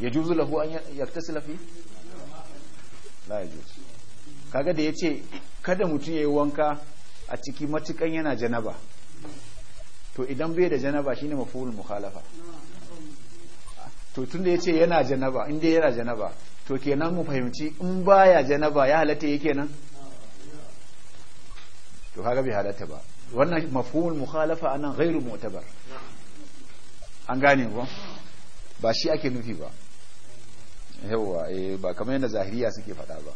yajuzu lahu an yaktasila fi la yajuzu kaga da ya ce kada mutum ya yi wanka a ciki matukan yana janaba to idan bai da janaba shine mafuhul muhalafa to tun da ya ce yana janaba inda yana janaba to kenan mu fahimci in baya janaba ya halatta ya kenan to kaga bai halatta ba wannan mafhumul mukhalafa anan gairu mu'tabar an gane ba ba shi ake nufi ba yawwa eh, ba kamar yadda zahiriya suke faɗa ba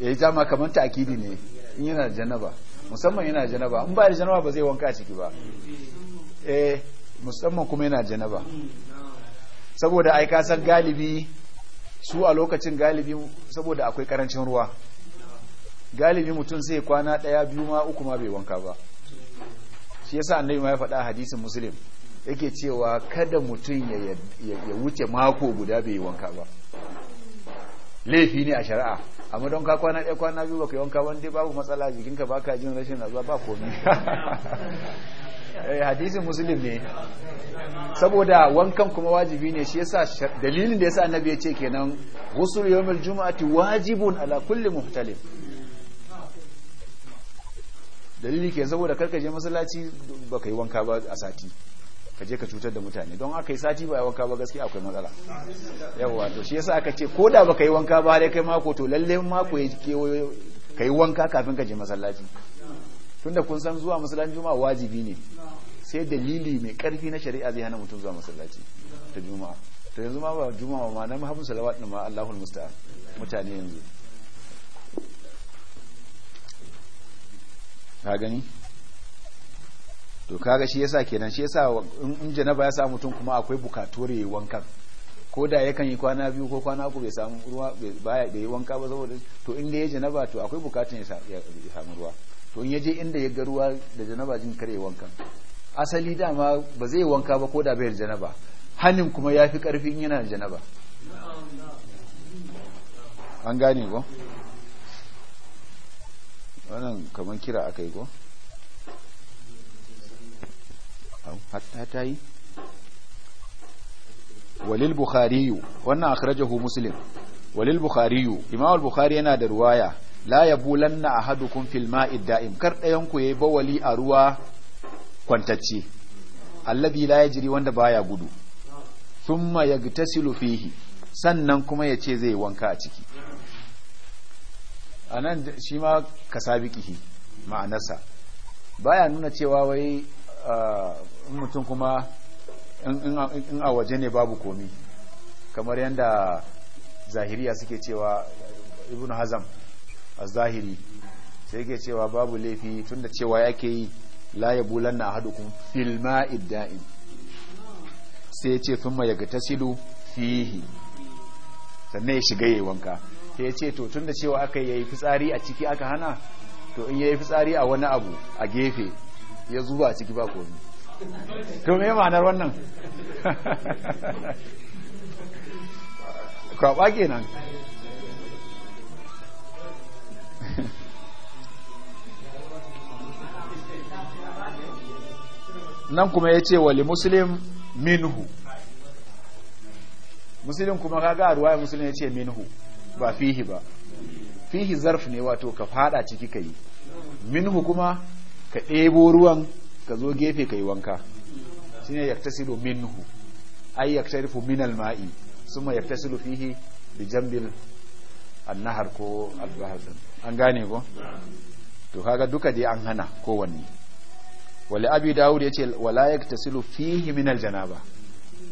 ya eh, yi jama kamar ta ne in yana da janaba musamman yana da janaba in ba da janaba ba zai wanka a ciki ba eh musamman kuma yana da janaba saboda ai ka san galibi su a lokacin galibi saboda akwai karancin ruwa galibi mutum sai kwana daya biyu ma uku ma bai wanka ba shi yasa annabi ma ya faɗa hadisin muslim yake cewa kada mutum ya wuce mako guda bai wanka ba laifi ne a shari'a amma don ka kwana ɗaya kwana biyu baka yawan wanka dai babu matsala a jikinka baka jin rashin natsuwa ba komi (laughs) eh, hadisin muslim ne saboda wankan kuma wajibi ne shi yasa dalilin da yasa annabi ya ce kenan ghusl yawmul jumu'ati wajibun ala kulli muhtalim dalili ke saboda karka je masallaci baka yi wanka ba a sati ka je ka cutar da mutane don aka yi sati ba a wanka ba gaskiya akwai matsala yawa to shi yasa aka ce ko da baka yi wanka ba dai kai mako to lalle mako ya kewayo ka yi wanka kafin ka je masallaci tunda kun san zuwa masallacin juma'a wajibi ne sai dalili mai karfi na shari'a zai hana mutum zuwa masallaci ta juma'a to yanzu ma ba juma'a ma na mahabbu salawat ma Allahul musta'an mutane yanzu ka gani to kaga shi yasa kenan shi yasa in janaba ya samu mutum kuma akwai bukatore wankan ko da yakan yi kwana biyu ko kwana uku bai samu ruwa bai yi wanka ba saboda to in da ya janaba to akwai bukatun ya samu ruwa to in ya je inda ya ga ruwa da janaba jin kare wankan asali dama ba zai wanka ba ko da bai janaba hannun kuma ya fi karfi yana da janaba an gane ko wannan kamar kira aka yi ko hatta ta yi walil bukhariyu wannan akhrajahu muslim walil bukhariyu imam al-bukhari yana da ruwaya la yabulanna ahadukum fil ma'id da'im kar dayan ku yayi bawali a ruwa kwantacce alladhi la yajri wanda baya gudu thumma yagtasilu fihi sannan kuma yace zai wanka a ciki anan shi ma kasabiqihi ma'anarsa baya nuna cewa wai ah, mutum kuma in a waje ne babu komi kamar yadda zahiriya suke cewa ibn hazam a zahiri sai ke cewa babu laifi tun da cewa ya ke yi laye bulan na hadukun filma idda'in sai ce tun ma yaga silu fihi sannan ya shiga yayi wanka sai ya ce to da cewa aka yayi fitsari a ciki aka hana to in yayi fitsari a wani abu a gefe ya zuba a ciki ba komi to me ma'anar wannan kwaba kenan nan kuma ya ce wali muslim minhu muslim kuma kaga a ruwaya muslim ya ce minhu ba fihi ba fihi zarf ne wato ka fada ciki ka yi minhu kuma ka ɗebo ruwan ka zo gefe ka yi wanka shi shine yaktasilu minhu ay yaktarifu min alma'i summa yaktasilu fihi bi jambil annahar ko albahar an gane ko to kaga duka dai an hana kowanne wala abi dawud yace wala yaktasilu fihi min aljanaba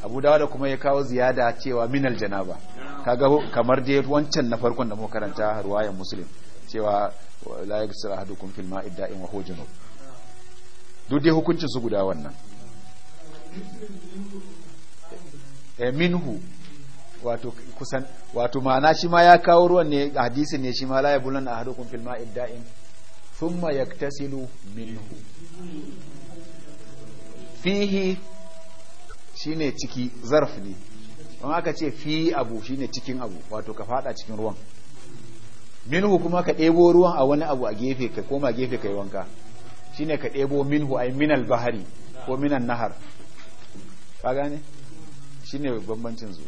abu dawud kuma ya kawo ziyada cewa min aljanaba kaga kamar dai wancan na farkon da muka karanta ruwayan muslim cewa la yaktasilu ahadukum fil ma'i da'in wa huwa junub duk dai hukuncin su guda wannan e minhu wato kusan wato ma'ana shi ma ya kawo ruwan ne hadisi ne shi ma la yabulan ahadukum fil ma'id da'im thumma yaktasilu minhu fihi shine ciki zarf ne don aka ce fi abu shine cikin abu wato ka fada cikin ruwan minhu kuma ka ɗebo ruwan a wani abu a gefe ka koma gefe kai wanka shine ka ɗebo minhu ai minal bahari ko minan nahar ka gane shine bambancin zu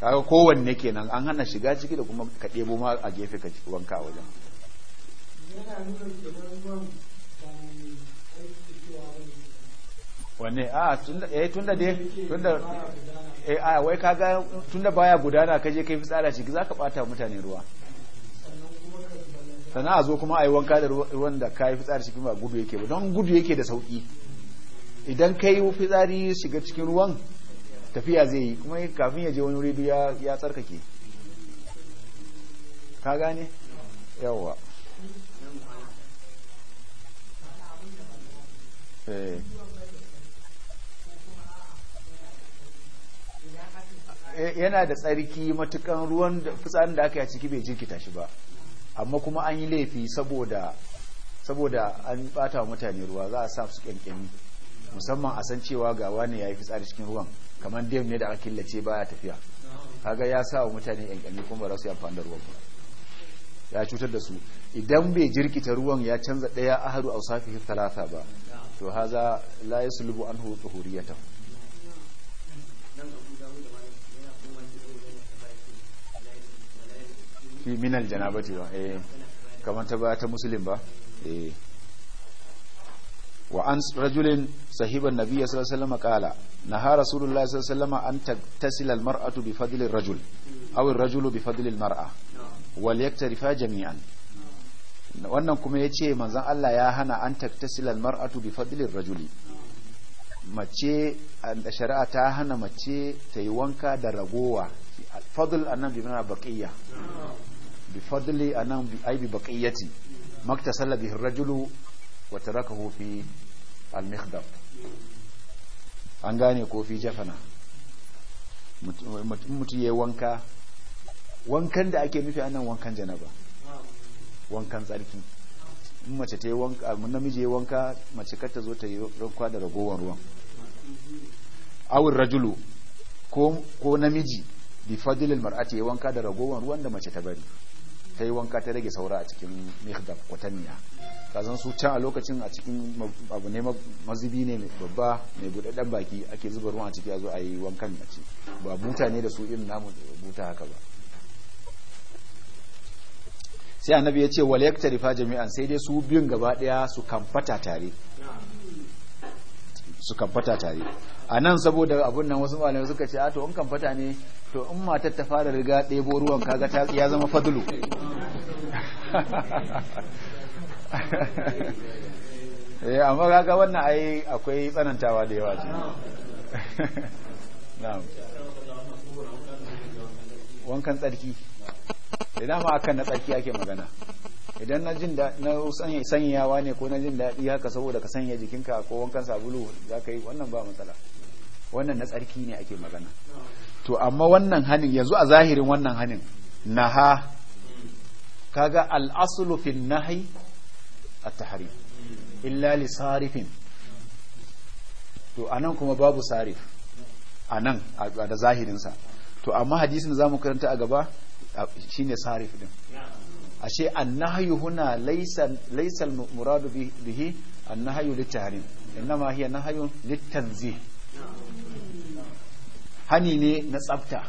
kaga kowanne kenan an hana shiga ciki da kuma ka ɗebo ma a gefe ka wanka a wajen wanne ah, a eh tunda dai tunda eh a ah, wai kaga tunda baya gudana kaje kai fitsara ciki zaka bata mutane ruwa sana a zo kuma a yi wanka da ruwan da ka yi fitsari cikin ba gudu yake ba don gudu yake da sauki idan ka yi fitsari shiga cikin ruwan tafiya zai yi kuma kafin ya je wani redu ya tsarkake ka gane yawa eh. eh, yana da tsarki matukan ruwan fitsarin da aka yi a ciki bai jirkita shi ba amma kuma an yi laifi saboda an bata wa mutane ruwa za a sa su kyankyami musamman a san cewa ga wani ya yi fitsari cikin ruwan kamar dem ne da aka killace baya tafiya kaga ya sa wa mutane yankani kuma ba za su yi amfani da ruwan ba ya cutar da su idan bai jirkita ruwan ya canza daya aharu a usafi talata ba to haza la yasulubu anhu tuhuriyatan fi minal janabati ba eh kamar ta ba ta muslim ba eh wa an rajulin sahiban nabiyya sallallahu alaihi wasallam qala naha rasulullahi sallallahu alaihi wasallam an tagtasila almar'atu bi fadli ar-rajul aw ar-rajulu bi fadli al-mar'a wal yaktarifa jami'an wannan kuma yace manzon Allah ya hana an tagtasila almar'atu bi fadli ar-rajuli mace shari'a ta hana mace ta yi wanka da ragowa fadl annabi bin baqiyya bi fadli anan bi aibi baqiyati maktasala bihi ar-rajulu wata raka fi al-mikhdab an gane ko fi jafana mutum ya wanka wankan da ake nufi anan wankan jana ba, wankan tsarki in mace ta yi wanka mun namiji ya wanka mace kar ta zo ta yi rankwa da ragowar ruwan awin rajulu ko namiji bi fadilil mar'ati ya wanka da ragowar ruwan da mace ta bari ta yi wanka ta rage saura a cikin mihdab kwatanniya kazan su can a lokacin a cikin abu ne mazubi ne babba mai buɗaɗɗen baki ake zuba ruwan a ciki a zo a yi wankan mace ba buta ne da su irin namu buta haka ba sai annabi ya ce wal rifa jami'an sai dai su biyun gaba daya su kamfata tare tare a nan saboda abun nan wasu malamai suka ce a to in kamfata ne to in matar ta fara riga ɗebo ruwan kaga ta ya zama fadulu (laughs) eh amma kaga wannan ai akwai tsanantawa da yawa ce (laughs) na'am wankan tsarki idan ma akan na tsarki ake magana idan na jin na sanyawa ne ko na jin daɗi haka saboda ka sanya jikinka ko wankan sabulu za ka yi wannan ba matsala wannan na tsarki ne ake magana to amma wannan hanin yanzu a zahirin wannan hanin naha kaga al'asulu fil nahi a tahrim illa illali sarifin to nan kuma babu sarif a nan a da zahirinsa to amma hadisin mu karanta a gaba shi ne sarif din ashe annahyu huna laysa laysa al-muradu bihi annahyu lit-tahrim inma hiya nahyun lit-tanzih hani ne na tsafta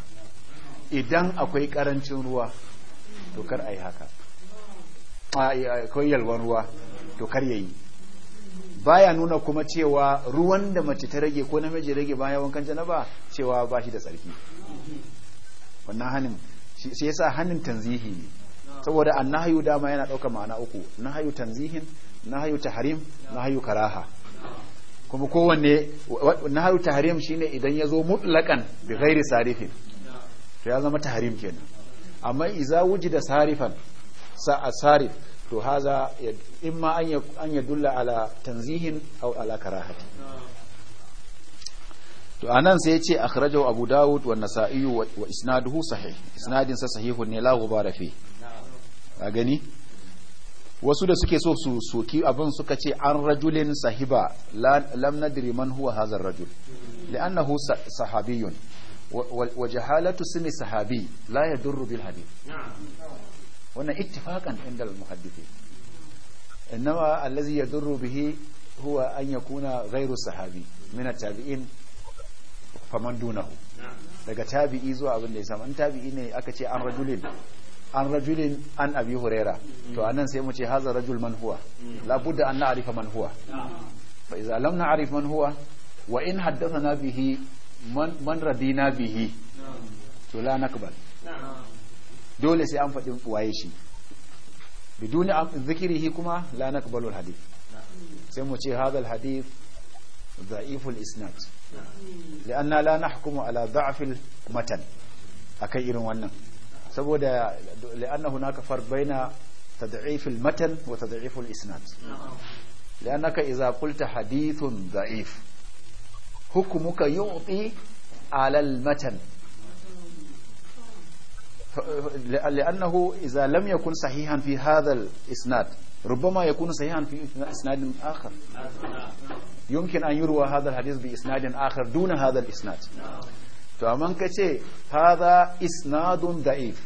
idan akwai karancin ruwa to kar a yi haka akwai yalwan ruwa to kar ya yi baya nuna kuma cewa ruwan da mace ta rage ko namiji rage bayan wankan janaba cewa ba shi da tsarki wannan hannun shi yasa hannun tanzihi ne saboda annahayu dama yana ɗauka ma'ana uku nahayu tanzihin nahayu tahrim nahayu karaha kuma kowanne na haru tahrim shine idan ya zo mutlaƙan bi ghairi sarifin to ya zama tahrim kenan amma iza da sarifan sa sarif to haza in ma an dulla ala tanzihin aw ala karahati to anan sai yace akhrajahu abu daud wa nasa'i wa isnaduhu sahih isnadin sa sahihun ne la ghubara fi a gani wasu da suke so su soki abin suka ce an rajulin sahiba lam nadri man huwa hazar rajul li'annahu sahabiyun wa jahalatu simi sahabi la yadurru bil hadith wannan ittifaqan inda al-muhaddithin inma allazi yadurru bihi huwa an yakuna ghayru sahabi min at-tabi'in faman dunahu daga tabi'i zuwa abin da ya samu in tabi'i ne aka ce an rajulin an rajulin an abi huraira to anan sai mu ce haza rajul man huwa la budda an na'rifa man huwa fa idza lam na'rif man huwa wa in haddathana bihi man man radina bihi to la nakbal dole sai an faɗi waye shi biduni zikirihi kuma la nakbalu al hadith sai mu ce hadha al hadith ضعيف الإسناد لأننا لا نحكم على ضعف المتن أكي irin wannan. saboda li'anna hunaka farq baina tad'if al-matan wa tad'if al-isnad li'annaka idza qulta hadithun da'if hukmuka yu'ti ala al-matan لأنه إذا لم يكن صحيحا في هذا الإسناد ربما يكون صحيحا في إسناد آخر يمكن أن يروى هذا الحديث بإسناد آخر دون هذا الإسناد to amma ka ce hada isnadun da'if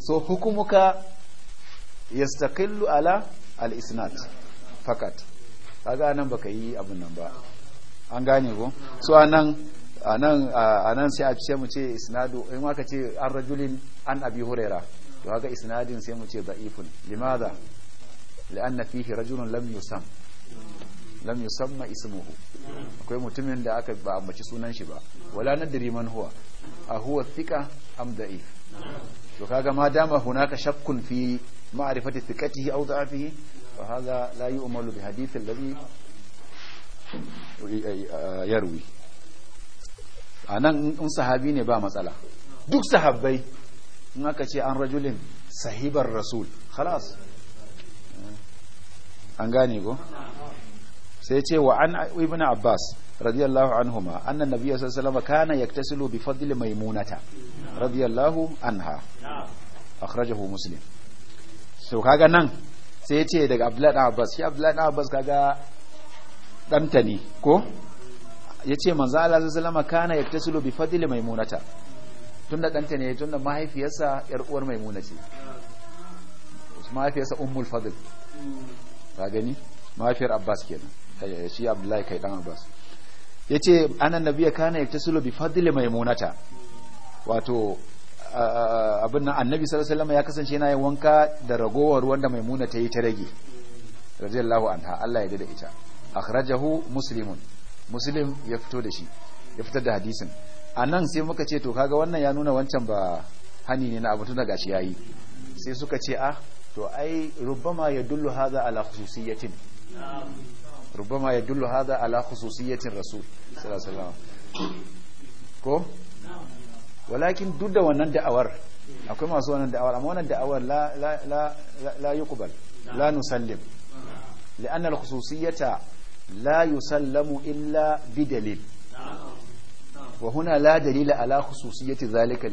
so hukumuka yastaqillu ala al-isnad fakat kaga nan baka yi abun nan ba an gane ko so anan anan anan sai a ce mu ce isnadu in ka ce an rajulin an abi huraira to kaga isnadin sai mu ce da'ifun limadha li'anna fihi rajulun lam yusam lam yusamma ismuhu akwai mutumin da aka ba ambaci sunan shi ba wala nadri man huwa a huwa thiqa am da'if to kaga ma dama hunaka shakkun fi ma'rifati thiqatihi aw da'afihi fa hadha la yu'malu bi hadith alladhi yarwi anan in sahabi ne ba matsala duk sahabbai in aka ce an rajulin sahibar rasul khalas an gane ko sai ce wa an ibn abbas radiyallahu anhuma annan nabiyyu sallallahu alaihi wasallam kana yaktasilu bi fadli maimunata radiyallahu anha akhrajahu muslim so kaga nan sai ce daga abdullahi abbas shi abdullahi abbas kaga danta ne ko ya ce manzo Allah sallallahu alaihi kana yaktasilu bi fadli maimunata tunda danta ne tunda mahaifiyarsa yar uwar maimuna ce mahaifiyarsa ummul fadl ka gani mahaifiyar abbas kenan shi abdullahi kai dan abbas ya ce anan nabiya kana ya sulu bi fadli maimunata wato abin nan annabi sallallahu alaihi ya kasance yana yin wanka da ragowar wanda maimuna ta yi ta rage radiyallahu anha Allah ya da ita akhrajahu muslimun muslim ya fito da shi ya fitar da hadisin anan sai muka ce to kaga wannan ya nuna wancan ba hani ne na abu tun daga shi yayi sai suka ce ah to ai rubbama yadullu hadha ala khususiyatin ربما يدل هذا على خصوصية الرسول صلى الله عليه وسلم ko walakin duk da wannan da'awar akwai masu wannan da'awar amma wannan da'awar la la la la yuqbal la nusallim لأن الخصوصية لا يسلم إلا la dalila ala دليل على خصوصية ذلك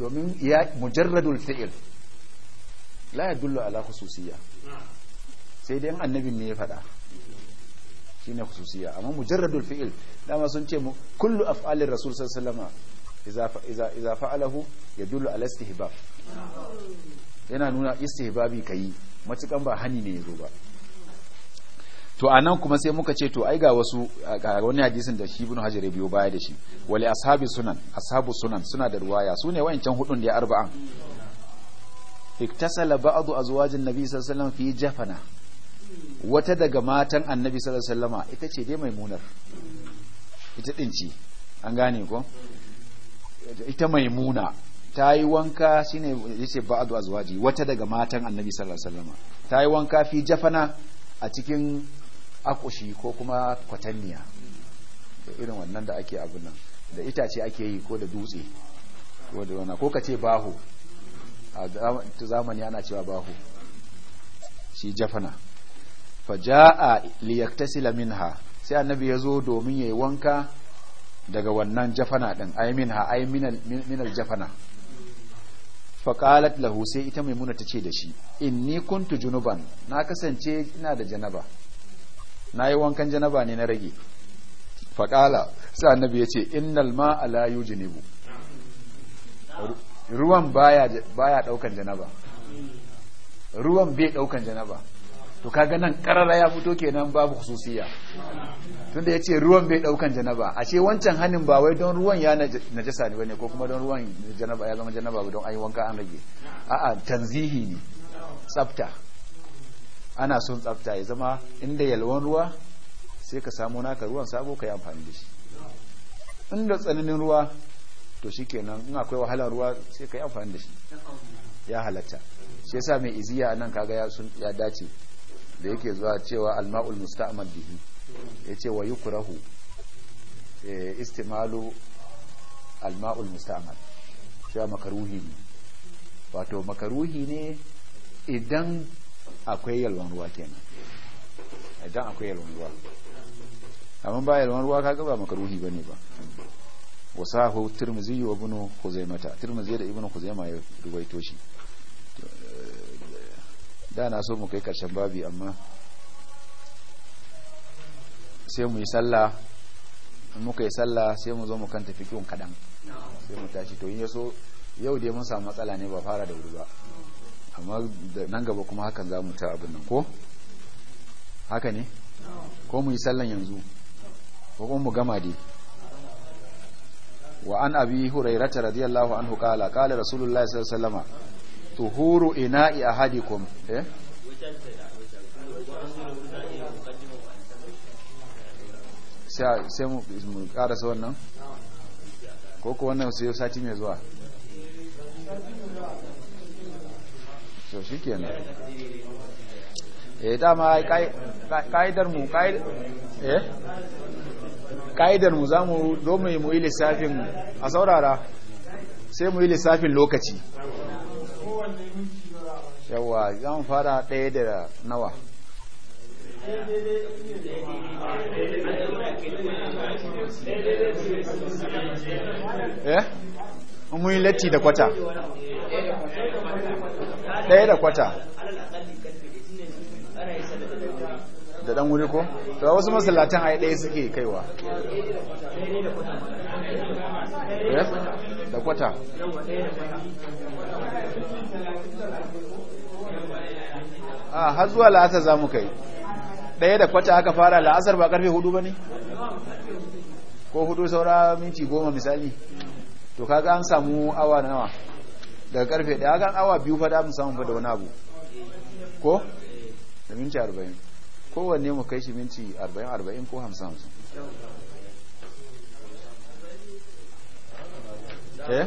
domin ya mujarradul fi'il la yadullu ala khususiyya sai dai annabin ne ya faɗa shine khususiya amma mujarradul fi'il dama sun ce mu kullu af'alir rasul sallallahu alaihi wasallam idza idza fa'alahu yadullu ala istihbab yana nuna istihbabi kai matukan ba hani ne yazo ba to anan kuma sai muka ce to ai ga wasu ga wani hadisin da shi ibn hajar biyo baya da shi wali ashabi sunan ashabu sunan suna da ruwaya sune wayancan hudun da ya arba'an iktasala ba'du azwajin nabi sallallahu alaihi wasallam fi jafana wata daga matan annabi sallallahu alaihi wasallama ita ce dai maimunar ita din ce an gane ko ita maimuna ta yi wanka shine yace ba'du azwaji wata daga matan annabi sallallahu alaihi wasallama ta yi wanka fi jafana a cikin akushi ko kuma kwatanniya da irin wannan da ake abin nan da itace ake yi ko da dutse ko da wana ko ka ce baho a zamani ana cewa baho shi jafana faja'a liyaktasila minha sai annabi ya zo domin ya yi wanka daga wannan jafana ɗin ai minha ai minal jafana faƙalat lahu sai ita maimuna ta ce da shi inni kuntu junuban na kasance ina da janaba na yi wankan janaba ne na rage faƙala sai annabi ya ce innal ma ala yujnibu ruwan baya baya daukan janaba ruwan bai daukan janaba to kaga nan karara ya fito kenan babu hususiya tunda yace ruwan bai daukan janaba A ce wancan hanin ba wai don ruwan ya najasa ne bane ko kuma don ruwan janaba ya zama janaba don ayi wanka an rage a'a tanzihi ne tsafta ana son tsafta ya zama inda yalwan ruwa sai ka samu naka ruwan sabo ka yi amfani da shi inda tsananin ruwa to shi kenan in akwai wahalar ruwa sai ka yi amfani da shi ya halatta shi yasa mai iziya nan kaga ya dace da yake zuwa cewa alma'ul musta'mal bihi ce wa yukrahu eh, istimalu alma'ul musta'mal cewa makaruhi ne wato makaruhi ne idan akwai yalwan ruwa kenan idan akwai yalwan ruwa amma ba yalwan ruwa kaga ba makaruhi bane ba wasahu tirmizi wa ibn khuzaimah tirmizi da ibn khuzaimah ya rubaito shi da na so mu kai karshen babi amma sai mu yi sallah in muka yi sallah sai mu zo mu kan tafi kiwon kaɗan sai mu tashi to in ya so yau dai mun samu matsala ne ba fara da wuri ba amma nan gaba kuma hakan za mu ta abin nan ko haka ne ko mu yi sallan yanzu ko kuma mu gama dai wa an abi hurairata radiyallahu anhu qala qala rasulullahi sallallahu alaihi wasallama tuhuru ina'i ahadikum hadikun? Eh? sai mu karasa wannan ko ko wannan sai sati mai zuwa so shi kenan eh dama ka'idar mu eh ka'idar mu zamu zo mu yi lissafin a saurara sai mu yi lissafin lokaci yawa zan fara ɗaya da nawa eh mun yi latti da kwata ɗaya da kwata da ɗan wuri ko? to wasu masallatan ai ɗaya suke kaiwa eh? da kwata a har zuwa la'asar za mu kai ɗaya da kwata aka fara la'asar ba karfe hudu ba ne ko hudu saura minti goma misali to kaga an samu awa nawa daga karfe ɗaya kan awa biyu fada mu samun fada wani abu ko da minti arba'in kowanne mu kai shi minti arba'in arba'in ko hamsin hamsin eh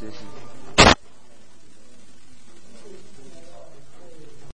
which